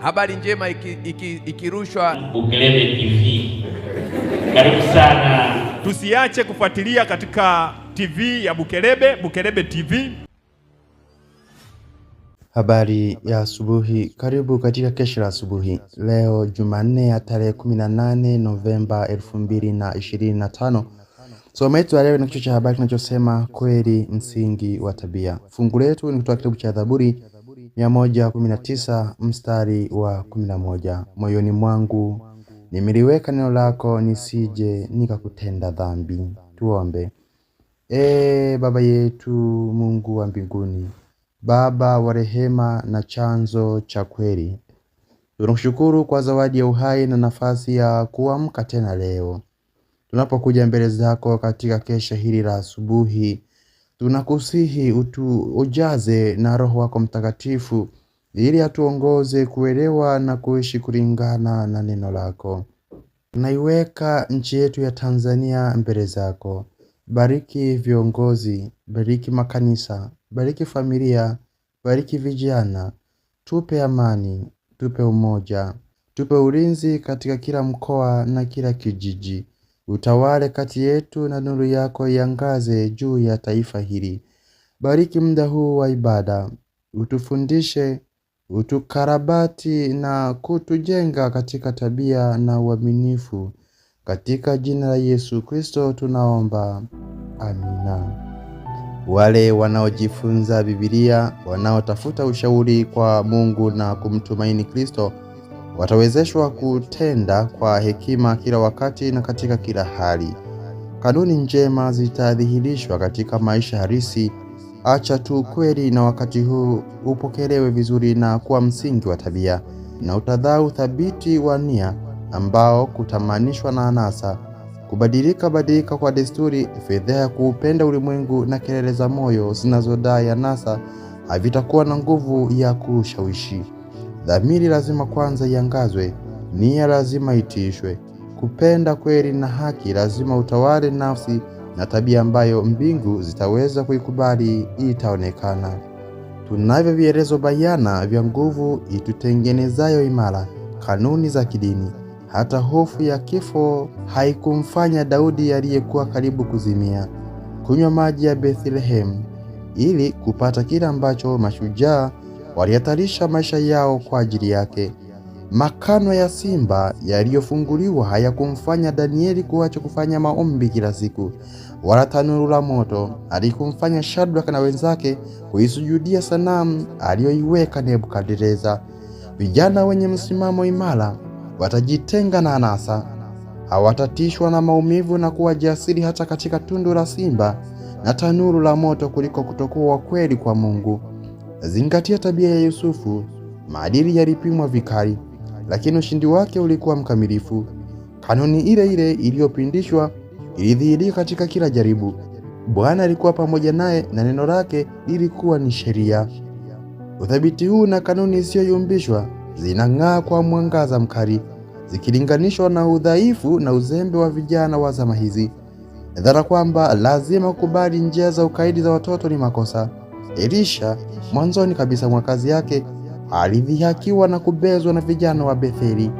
Habari njema ikirushwa iki, iki Bukelebe TV. Karibu sana, tusiache kufuatilia katika TV ya Bukelebe, Bukelebe TV. Habari ya asubuhi, karibu katika kesho la asubuhi leo Jumanne ya tarehe 18 Novemba 2025. Somo letu la leo ni kichwa cha habari kinachosema kweli msingi wa tabia. Fungu letu ni kutoka kitabu cha Zaburi 119 mstari wa 11, moyoni mwangu nimeliweka neno lako nisije nikakutenda dhambi. Tuombe. E Baba yetu Mungu wa mbinguni, Baba wa rehema na chanzo cha kweli, tunakushukuru kwa zawadi ya uhai na nafasi ya kuamka tena leo tunapokuja mbele zako katika kesha hili la asubuhi Tunakusihi utu ujaze na Roho wako Mtakatifu ili atuongoze kuelewa na kuishi kulingana na neno lako. Naiweka nchi yetu ya Tanzania mbele zako. Bariki viongozi, bariki makanisa, bariki familia, bariki vijana. Tupe amani, tupe umoja, tupe ulinzi katika kila mkoa na kila kijiji. Utawale kati yetu na nuru yako iangaze juu ya taifa hili. Bariki muda huu wa ibada, utufundishe, utukarabati na kutujenga katika tabia na uaminifu. Katika jina la Yesu Kristo tunaomba, amina. Wale wanaojifunza Biblia, wanaotafuta ushauri kwa Mungu na kumtumaini Kristo watawezeshwa kutenda kwa hekima kila wakati na katika kila hali. Kanuni njema zitadhihirishwa katika maisha halisi. Acha tu kweli na wakati huu upokelewe vizuri na kuwa msingi wa tabia na utadhau thabiti wa nia ambao kutamanishwa na anasa, kubadilika badilika kwa desturi, fedheha ya kuupenda ulimwengu na kelele za moyo zinazodai anasa havitakuwa na nguvu ya kushawishi. Dhamiri lazima kwanza iangazwe, nia lazima itiishwe. Kupenda kweli na haki lazima utawale nafsi, na tabia ambayo mbingu zitaweza kuikubali itaonekana. Tunavyo vielezo bayana vya nguvu itutengenezayo imara, kanuni za kidini. Hata hofu ya kifo haikumfanya Daudi aliyekuwa karibu kuzimia kunywa maji ya Bethlehemu ili kupata kile ambacho mashujaa walihatarisha maisha yao kwa ajili yake. Makano ya simba yaliyofunguliwa hayakumfanya Danieli kuacha kufanya maombi kila siku, wala tanuru la moto alikumfanya Shadraka na wenzake kuisujudia sanamu aliyoiweka Nebukadreza. Vijana wenye msimamo imara watajitenga na anasa, hawatatishwa na maumivu na kuwa jasiri hata katika tundu la simba na tanuru la moto, kuliko kutokuwa kweli kwa Mungu. Zingatia tabia ya Yusufu, maadili yalipimwa vikali, lakini ushindi wake ulikuwa mkamilifu. Kanuni ile ile iliyopindishwa ilidhihirika katika kila jaribu. Bwana alikuwa pamoja naye na neno lake lilikuwa ni sheria. Uthabiti huu na kanuni isiyoyumbishwa zinang'aa kwa mwangaza mkali, zikilinganishwa na udhaifu na uzembe wa vijana wa zama hizi. Dhara kwamba lazima kukubali njia za ukaidi za watoto ni makosa, Elisha mwanzoni kabisa mwa kazi yake alidhihakiwa na kubezwa na vijana wa Betheli.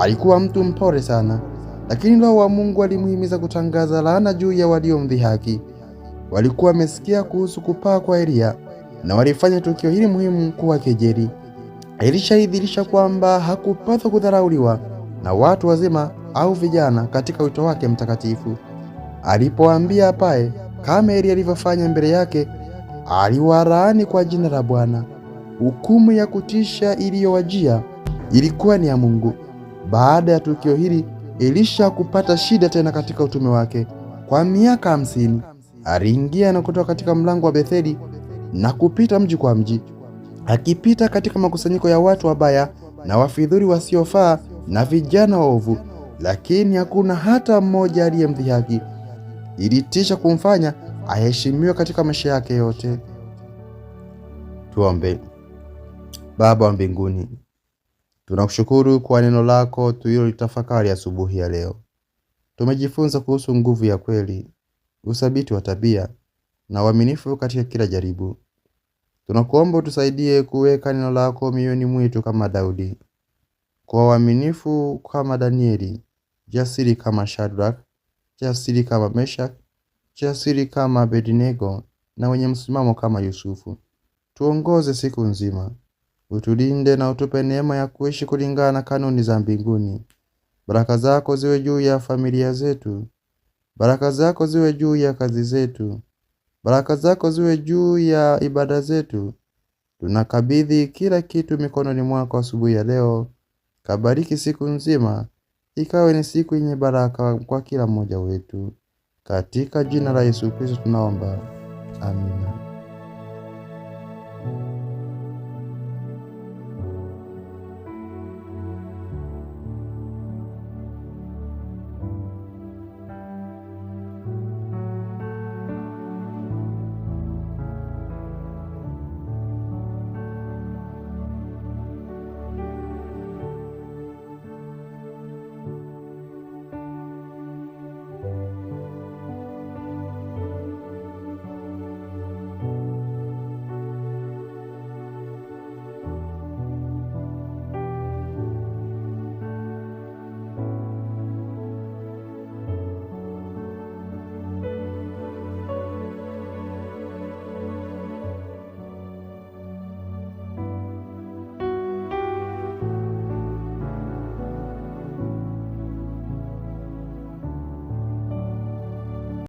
Alikuwa mtu mpole sana, lakini Roho wa Mungu alimhimiza kutangaza laana juu ya waliomdhihaki. Walikuwa wamesikia kuhusu kupaa kwa Eliya na walifanya tukio hili muhimu kuwa kejeli. Elisha alidhihirisha kwamba hakupaswa kudharauliwa na watu wazima au vijana katika wito wake mtakatifu. Alipoambia apae kama Eliya alivyofanya mbele yake, aliwalaani kwa jina la Bwana. Hukumu ya kutisha iliyowajia ilikuwa ni ya Mungu. Baada ya tukio hili, Elisha kupata shida tena katika utume wake. Kwa miaka hamsini aliingia na kutoka katika mlango wa Betheli na kupita mji kwa mji, akipita katika makusanyiko ya watu wabaya na wafidhuri wasiofaa na vijana waovu, lakini hakuna hata mmoja aliyemdhihaki. Ilitisha kumfanya aheshimiwe katika maisha yake yote. Tuombe. Baba wa mbinguni, tunakushukuru kwa neno lako tulilolitafakari asubuhi ya leo. Tumejifunza kuhusu nguvu ya kweli, uthabiti wa tabia na uaminifu katika kila jaribu. Tunakuomba utusaidie kuweka neno lako mioyoni mwetu kama Daudi, kwa uaminifu kama Danieli, jasiri kama Shadrach, jasiri kama Meshach jasiri kama Abednego na wenye msimamo kama Yusufu. Tuongoze siku nzima, utulinde na utupe neema ya kuishi kulingana na kanuni za mbinguni. Baraka zako ziwe juu ya familia zetu, baraka zako ziwe juu ya kazi zetu, baraka zako ziwe juu ya ibada zetu. Tunakabidhi kila kitu mikononi mwako asubuhi ya leo. Kabariki siku nzima, ikawe ni siku yenye baraka kwa kila mmoja wetu. Katika jina la Yesu Kristo tunaomba, amina.